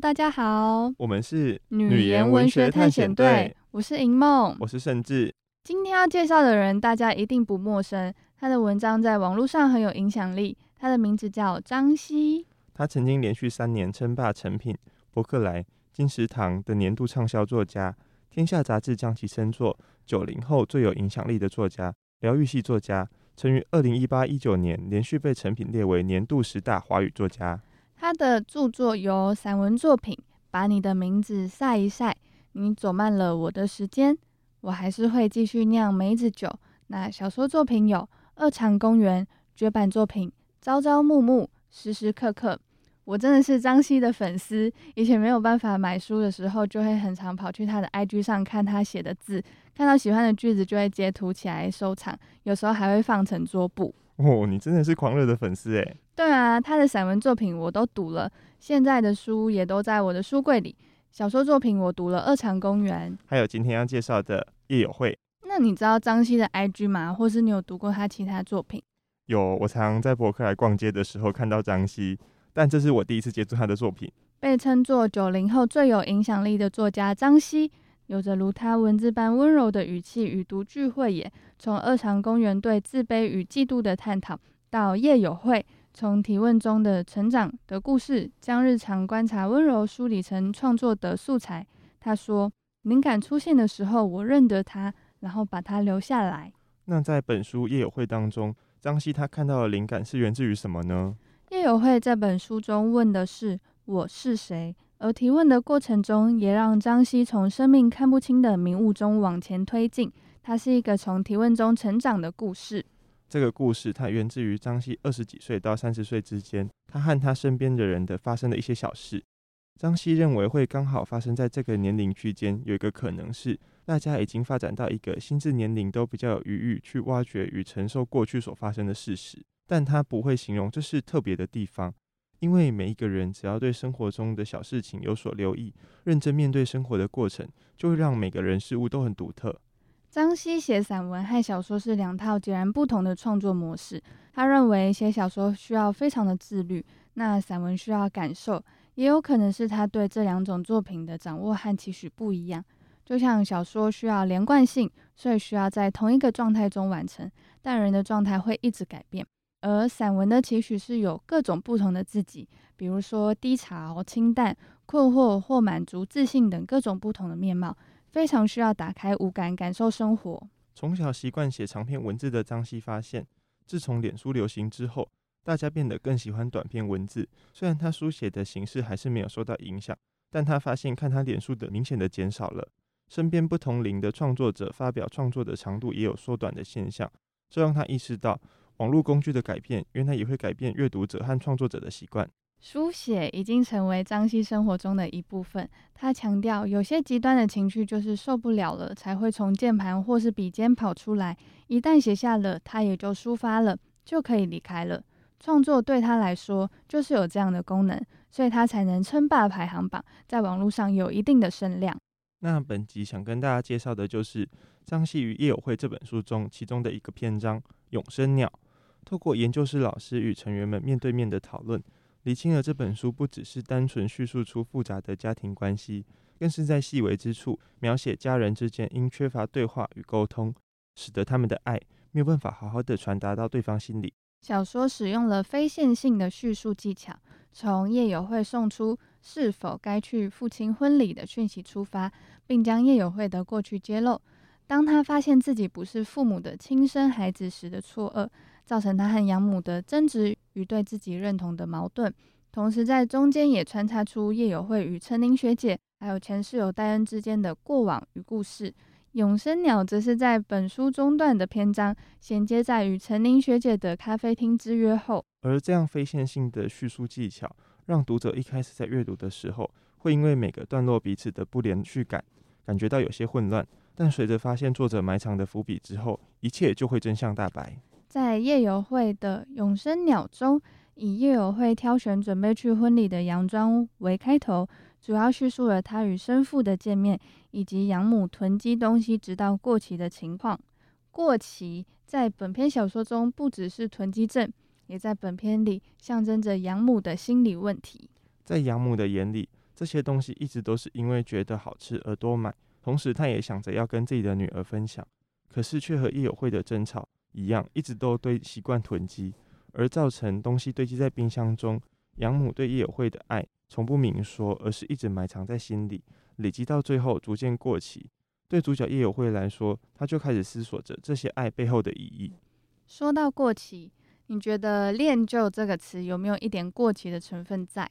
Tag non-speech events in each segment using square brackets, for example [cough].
大家好，我們是女研文學探險隊。我是瑩夢，我是盛志。今天要介紹的人，大家一定不陌生。他的文章在網絡上很有影響力。他的名字叫張西。他曾經連續三年稱霸《誠品》《博客來》《金石堂》的年度暢銷作家，《天下》雜誌將其稱作九零後最有影響力的作家，療癒系作家。曾於二零一八一九年連續被《誠品》列為年度十大華語作家。他的著作有散文作品《把你的名字曬一曬》，你走慢了我的時間，我還是會繼續釀梅子酒。那小說作品有《二常公園》、絕版作品《朝朝暮暮》、《時時刻刻》。我真的是張西的粉絲，以前沒有辦法買書的時候，就會很常跑去他的 IG 上看他寫的字，看到喜歡的句子就會截圖起來收藏，有時候還會放成桌布。哦，你真的是狂熱的粉絲哎、欸！對啊，他的散文作品我都讀了，現在的書也都在我的書櫃裡。小說作品我讀了二《二常公園》，還有今天要介紹的《葉有慧》。那你知道張西的 IG 嗎？或是你有讀過他其他作品？有，我常在博客來逛街的時候看到張西，但這是我第一次接觸他的作品。被稱作九零後最有影響力的作家張西。有着如他文字般溫柔的語氣與獨具慧眼，從二常公園對自卑與嫉妒的探討，到葉有慧，從提問中的成長的故事，將日常觀察溫柔梳理成創作的素材。他說：“靈感出現的時候，我認得他，然後把他留下來。”那在本書《葉有慧》當中，張西他看到的靈感是源自於什麼呢？《葉有慧》在本書中問的是：“我是誰？”而提問的過程中，也讓張西從生命看不清的迷霧中往前推進。它是一個從提問中成長的故事。這個故事它源自於張西二十幾歲到三十歲之間，他和他身邊的人的發生的一些小事。張西認為會剛好發生在這個年齡區間，有一個可能是大家已經發展到一個心智年齡都比較有餘裕去挖掘與承受過去所發生的事實。但他不會形容這是特別的地方。因為每一個人只要對生活中的小事情有所留意，認真面對生活的過程，就會讓每個人事物都很獨特。張西寫散文和小說是兩套截然不同的創作模式。他認為寫小說需要非常的自律，那散文需要感受，也有可能是他對這兩種作品的掌握和期許不一樣。就像小說需要連貫性，所以需要在同一個狀態中完成，但人的狀態會一直改變。而散文呢，其實是有各種不同的自己，比如說低潮、清淡、困惑或滿足、自信等各種不同的面貌，非常需要打開五感感受生活。從小習慣寫長篇文字的張西發現，自從臉書流行之後，大家變得更喜歡短篇文字。雖然他書寫的形式還是沒有受到影響，但他發現看他臉書的明顯的減少了，身邊不同齡的創作者發表創作的長度也有縮短的現象，這讓他意識到。網絡工具的改變，原來也會改變閱讀者和創作者的習慣。書寫已經成為張西生活中的一部分。他強調，有些極端的情緒就是受不了了，才會從鍵盤或是筆尖跑出來。一旦寫下了，他也就抒發了，就可以離開了。創作對他來說就是有這樣的功能，所以他才能稱霸排行榜，在網絡上有一定的聲量。那本集想跟大家介紹的就是張西與葉有慧這本書中其中的一個篇章《永生鳥》。透過研究室老師與成員們面對面的討論，理清了這本書不只是單純敘述出複雜的家庭關係，更是在細微之處描寫家人之間因缺乏對話與溝通，使得他們的愛沒有辦法好好的傳達到對方心裡。小說使用了非線性的敘述技巧，從葉有慧送出是否該去父親婚禮的訊息出發，並將葉有慧的過去揭露，當他發現自己不是父母的親生孩子時的錯愕。造成他和養母的爭執與對自己認同的矛盾，同時在中間也穿插出葉有慧與陳玲學姐還有前室友戴恩之間的過往與故事。永生鳥則是在本書中段的篇章，銜接在與陳玲學姐的咖啡廳之約後。而這樣非線性的敘述技巧，讓讀者一開始在閱讀的時候，會因為每個段落彼此的不連續感，感覺到有些混亂。但隨着發現作者埋藏的伏筆之後，一切就會真相大白。在葉有慧的永生鳥中，以葉有慧挑選準備去婚禮的洋裝為開頭，主要敘述了他與生父的見面，以及養母囤積東西直到過期的情況。過期在本篇小說中不只是囤積症，也在本篇裡象徵着養母的心理問題。在養母的眼裡，這些東西一直都是因為覺得好吃而多買，同時她也想着要跟自己的女兒分享，可是卻和葉有慧的爭吵。一樣，一直都對習慣囤積，而造成東西堆積在冰箱中。養母對葉有慧的愛，從不明說，而是一直埋藏在心裡，累積到最後，逐漸過期。對主角葉有慧來說，他就開始思索着這些愛背後的意義。說到過期，你覺得“戀舊”這個詞有沒有一點過期的成分在？“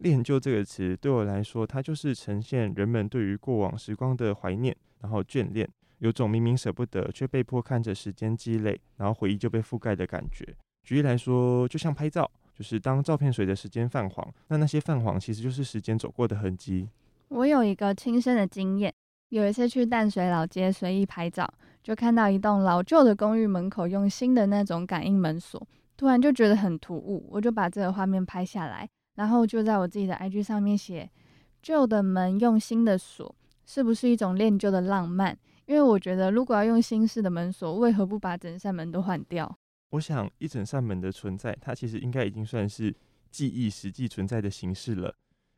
戀舊”這個詞對我來說，它就是呈現人們對於過往時光的懷念，然後眷戀。有種明明捨不得，卻被迫看着時間積累，然後回憶就被覆蓋的感覺。舉例來說，就像拍照，就是當照片隨着時間泛黃，那那些泛黃其實就是時間走過的痕跡。我有一個親身的經驗，有一次去淡水老街隨意拍照，就看到一棟老舊的公寓門口用新的那種感應門鎖，突然就覺得很突兀，我就把這個畫面拍下來，然後就在我自己的 IG 上面寫：舊的門用新的鎖，是不是一種戀舊的浪漫？因為我覺得，如果要用新式的門鎖，為何不把整扇門都換掉？我想，一整扇門的存在，它其實應該已經算是記憶實際存在的形式了，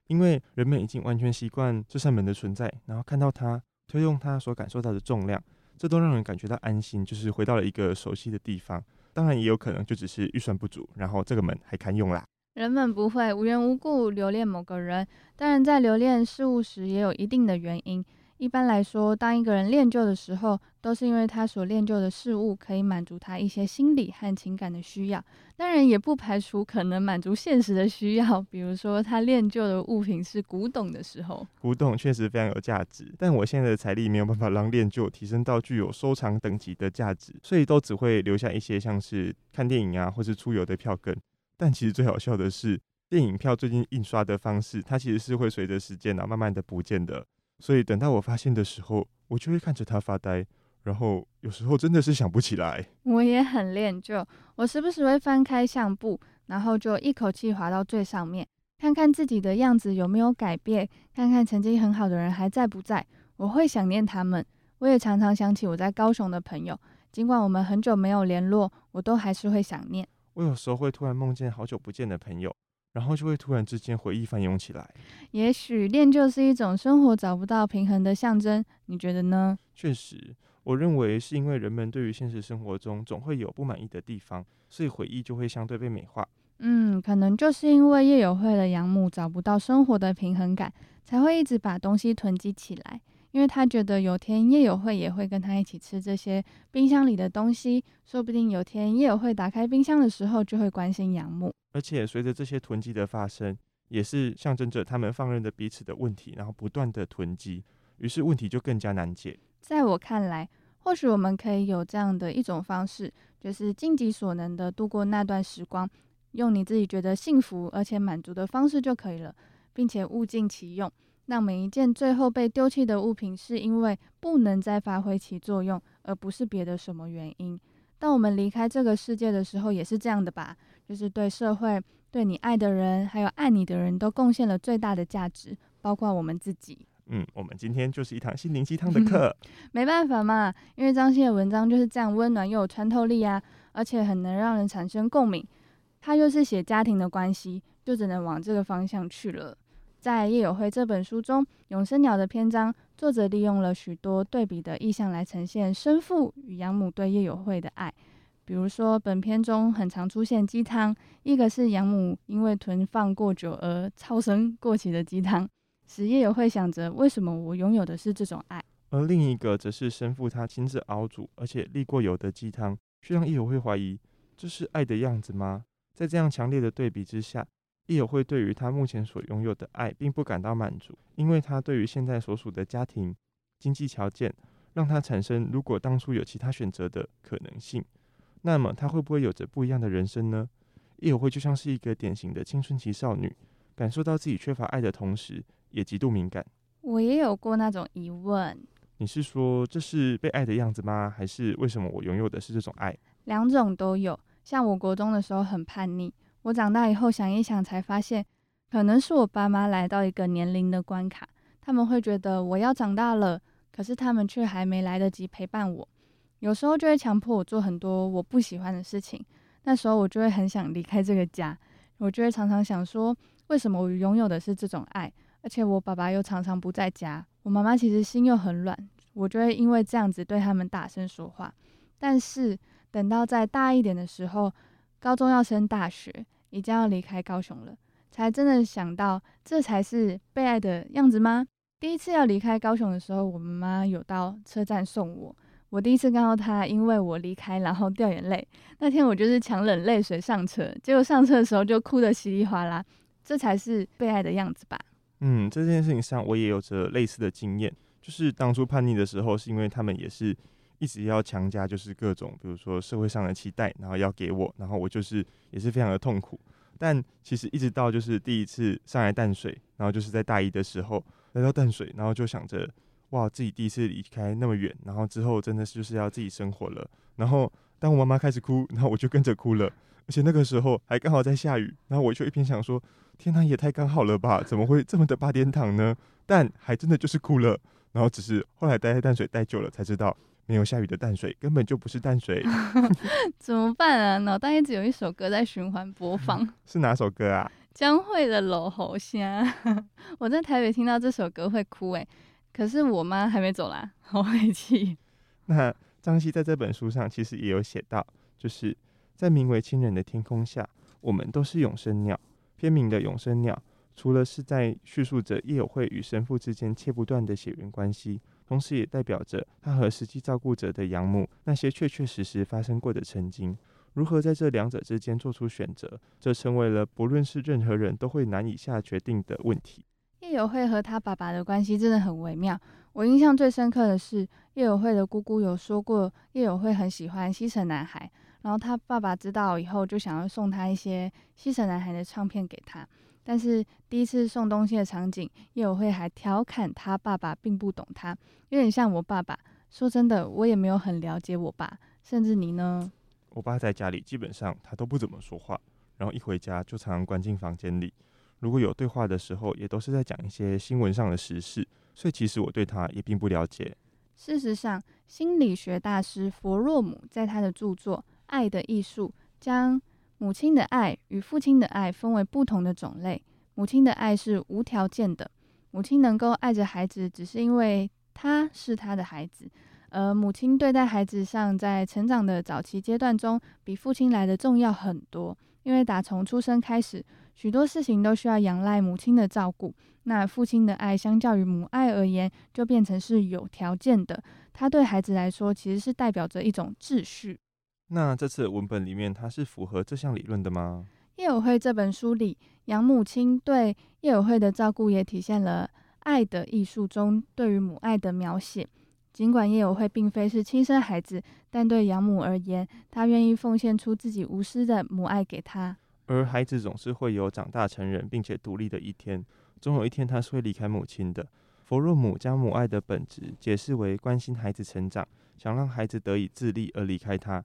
因為人們已經完全習慣這扇門的存在，然後看到它，推動它所感受到的重量，這都讓人感覺到安心，就是回到了一個熟悉的地方。當然，也有可能就只是預算不足，然後這個門還堪用啦。人們不會無緣無故留戀某個人，當然在留戀事物時，也有一定的原因。一般來說，當一個人戀舊的時候，都是因為他所戀舊的事物可以滿足他一些心理和情感的需要。當然，也不排除可能滿足現實的需要，比如說他戀舊的物品是古董的時候，古董確實非常有價值。但我現在的財力沒有辦法讓戀舊提升到具有收藏等級的價值，所以都只會留下一些像是看電影啊，或是出遊的票根。但其實最好笑的是，電影票最近印刷的方式，它其實是會隨着時間呢、啊，慢慢的不見的。所以等到我發現的時候，我就會看着他發呆，然後有時候真的是想不起來。我也很戀舊，我時不時會翻開相簿，然後就一口氣滑到最上面，看看自己的樣子有沒有改變，看看曾經很好的人還在不在。我會想念他們，我也常常想起我在高雄的朋友，儘管我們很久沒有聯絡，我都還是會想念。我有時候會突然夢見好久不見的朋友。然後就會突然之間回憶翻湧起來。也許戀舊是一種生活找不到平衡的象徵，你覺得呢？確實，我認為是因為人們對於現實生活中總會有不滿意的地方，所以回憶就會相對被美化。嗯，可能就是因為葉有慧的養母找不到生活的平衡感，才會一直把東西囤積起來。因為他覺得有天葉有慧也會跟他一起吃這些冰箱裡的東西，說不定有天葉有慧打開冰箱的時候就會關心養母。而且隨着這些囤積的發生，也是象徵着他們放任的彼此的問題，然後不斷的囤積，於是問題就更加難解。在我看來，或許我們可以有這樣的一種方式，就是盡己所能的度過那段時光，用你自己覺得幸福而且滿足的方式就可以了，並且物盡其用。那每一件最後被丟棄的物品，是因為不能再發揮其作用，而不是別的什麼原因。當我們離開這個世界的時候，也是這樣的吧？就是對社會、對你愛的人，還有愛你的人都貢獻了最大的價值，包括我們自己。嗯，我們今天就是一堂心靈雞湯的課。 [laughs] 沒辦法嘛，因為張西的文章就是這樣溫暖又有穿透力啊，而且很能讓人產生共鳴。他又是寫家庭的關係，就只能往這個方向去了。.在《葉有慧》這本書中，《永生鳥》的篇章，作者利用了許多對比的意象來呈現生父與養母對葉有慧的愛。比如說，本篇中很常出現雞湯，一個是養母因為囤放過久而超生過期的雞湯，使葉有慧想着為什麼我擁有的是這種愛；而另一個則是生父他親自熬煮而且瀝過油的雞湯，卻讓葉有慧懷疑這是愛的樣子嗎？在這樣強烈的對比之下。葉有慧對於他目前所擁有的愛並不感到滿足，因為他對於現在所屬的家庭經濟條件，讓他產生如果當初有其他選擇的可能性，那麼他會不會有着不一樣的人生呢？葉有慧就像是一個典型的青春期少女，感受到自己缺乏愛的同時，也極度敏感。我也有過那種疑問。你是說這是被愛的樣子嗎？還是為什麼我擁有的是這種愛？兩種都有，像我國中的時候很叛逆。我長大以後想一想，才發現可能是我爸媽來到一個年齡的關卡，他們會覺得我要長大了，可是他們卻還沒來得及陪伴我。有時候就會強迫我做很多我不喜歡的事情，那時候我就會很想離開這個家，我就會常常想說，為什麼我擁有的是這種愛，而且我爸爸又常常不在家，我媽媽其實心又很軟，我就會因為這樣子對他們大聲說話。但是等到再大一點的時候，高中要升大學。已經要離開高雄了，才真的想到這才是被愛的樣子嗎？第一次要離開高雄的時候，我媽有到車站送我。我第一次看到她，因為我離開，然後掉眼淚。那天我就是強忍淚水上車，結果上車的時候就哭得稀里嘩啦。這才是被愛的樣子吧？嗯，這件事情上我也有着類似的經驗，就是當初叛逆的時候，是因為他們也是。一直要強加，就是各種，比如說社會上的期待，然後要給我，然後我就是也是非常的痛苦。但其實一直到就是第一次上來淡水，然後就是在大一的時候來到淡水，然後就想着，哇，自己第一次離開那麼遠，然後之後真的是就是要自己生活了。然後當我媽媽開始哭，然後我就跟着哭了，而且那個時候還剛好在下雨，然後我就一邊想說，天啊，也太剛好了吧，怎麼會這麼的八點檔呢？但還真的就是哭了。然後只是後來待在淡水待久了，才知道。沒有下雨的淡水根本就不是淡水， [laughs] [laughs] 怎麼辦啊？腦袋一直有一首歌在循環播放， [laughs] 是哪首歌啊？江蕙的《落雨聲》，我在台北聽到這首歌會哭誒、欸，可是我媽還沒走啦，好晦氣。那張西在這本書上其實也有寫到，就是在名為“親人的天空”下，我們都是永生鳥。篇名的“永生鳥”，除了是在敘述着葉有慧與生父之間切不斷的血緣關係。同時也代表着他和實際照顧者的養母那些確確實實發生過的曾經，如何在這兩者之間做出選擇，這成為了不論是任何人都會難以下決定的問題。葉有慧和他爸爸的關係真的很微妙。我印象最深刻的是，葉有慧的姑姑有說過，葉有慧很喜歡西城男孩，然後他爸爸知道以後就想要送他一些西城男孩的唱片給他。但是第一次送東西的場景，葉有慧還調侃他爸爸並不懂他，有點像我爸爸。說真的，我也沒有很了解我爸，甚至你呢？我爸在家裡基本上他都不怎麼說話，然後一回家就常常關進房間裡。如果有對話的時候，也都是在講一些新聞上的時事。所以其實我對他也並不了解。事實上，心理學大師弗洛姆在他的著作《愛的藝術》將母親的愛與父親的愛分為不同的種類。母親的愛是無條件的，母親能夠愛着孩子，只是因為他是他的孩子。而母親對待孩子上，在成長的早期階段中，比父親來的重要很多。因為打從出生開始，許多事情都需要仰賴母親的照顧。那父親的愛，相較於母愛而言，就變成是有條件的。他對孩子來說，其實是代表着一種秩序。那這次的文本裡面，它是符合這項理論的嗎？葉有慧這本書裡，養母親對葉有慧的照顧也體現了《愛的藝術》中對於母愛的描寫。儘管葉有慧並非是親生孩子，但對養母而言，她願意奉獻出自己無私的母愛給他。而孩子總是會有長大成人並且獨立的一天，總有一天他是會離開母親的。弗洛姆將母愛的本質解釋為關心孩子成長，想讓孩子得以自立而離開他。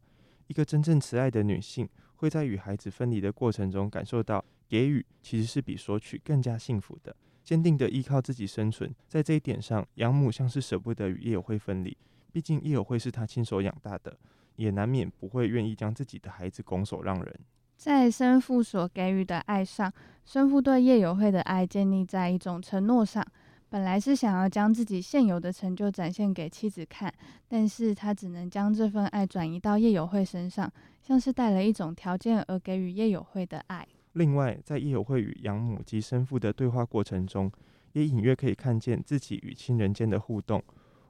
一個真正慈愛的女性會在與孩子分離的過程中感受到，給予其實是比索取更加幸福的。堅定地依靠自己生存，在這一點上，養母像是捨不得與葉有慧分離，畢竟葉有慧是她親手養大的，也難免不會願意將自己的孩子拱手讓人。在生父所給予的愛上，生父對葉有慧的愛建立在一種承諾上。本來是想要將自己現有的成就展現給妻子看，但是他只能將這份愛轉移到葉有慧身上，像是帶了一種條件而給予葉有慧的愛。另外，在葉有慧與養母及生父的對話過程中，也隱約可以看見自己與親人間的互動。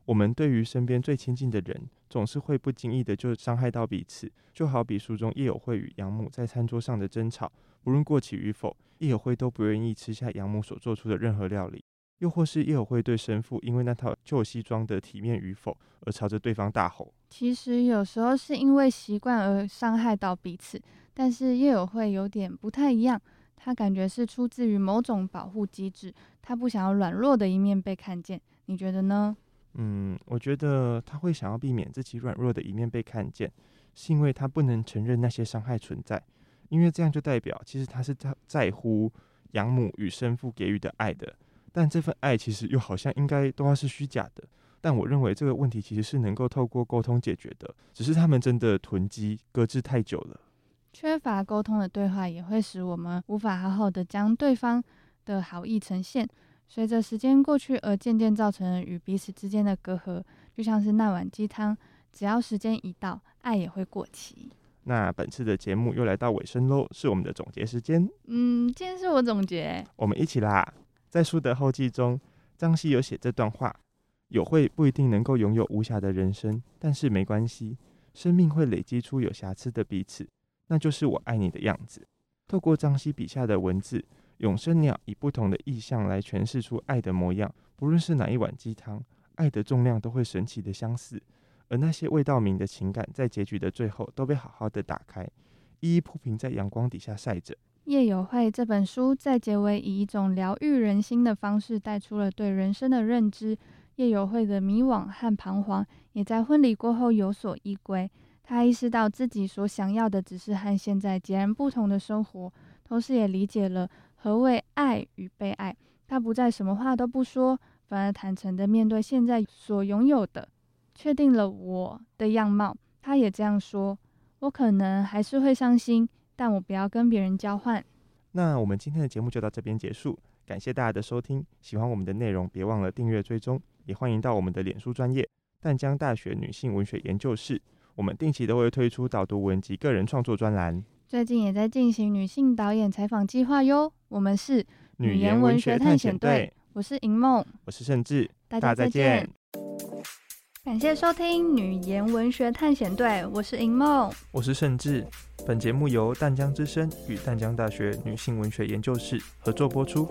我們對於身邊最親近的人，總是會不經意地就傷害到彼此。就好比書中葉有慧與養母在餐桌上的爭吵，無論過期與否，葉有慧都不願意吃下養母所做出的任何料理。又或是葉有慧對生父因為那套舊西裝的體面與否而朝着對方大吼。其實有時候是因為習慣而傷害到彼此，但是葉有慧有點不太一樣，他感覺是出自於某種保護機制，他不想要軟弱的一面被看見。你覺得呢？嗯，我覺得他會想要避免自己軟弱的一面被看見，是因為他不能承認那些傷害存在，因為這樣就代表其實他是他在乎養母與生父給予的愛的。但這份愛其實又好像應該都要是虛假的，但我認為這個問題其實是能夠透過溝通解決的，只是他們真的囤積擱置太久了。缺乏溝通的對話也會使我們無法好好的將對方的好意呈現，隨着時間過去而漸漸造成與彼此之間的隔閡，就像是那碗雞湯，只要時間一到，愛也會過期。那本次的節目又來到尾聲嘍，是我們的總結時間。嗯，今天是我總結，我們一起啦。在書的後記中，張西有寫這段話：有慧不一定能夠擁有無瑕的人生，但是沒關係，生命會累積出有瑕疵的彼此，那就是我愛你的樣子。透過張西筆下的文字，永生鳥以不同的意象來詮釋出愛的模樣。不論是哪一碗雞湯，愛的重量都會神奇的相似。而那些未道明的情感，在結局的最後都被好好的打開，一一鋪平在陽光底下曬着。葉有慧這本書在結尾以一種療癒人心的方式，帶出了對人生的認知。葉有慧的迷惘和彷徨，也在婚禮過後有所依歸。她意識到自己所想要的，只是和現在截然不同的生活。同時，也理解了何謂愛與被愛。她不再什麼話都不說，反而坦誠地面對現在所擁有的。確定了我的樣貌，她也這樣說：“我可能還是會傷心。”但我不要跟別人交換。那我們今天的節目就到這邊結束，感謝大家的收聽。喜歡我們的內容，別忘了訂閱追蹤，也歡迎到我們的臉書專頁淡江大學女性文學研究室。我們定期都會推出導讀文及個人創作專欄，最近也在進行女性導演採訪計劃喲。我們是女研文學探險隊，我是銀夢，我是甚志，大家再見。感謝收聽《女研文學探險隊》，我是銀夢，我是盛志。本節目由淡江之聲與淡江大學女性文學研究室合作播出。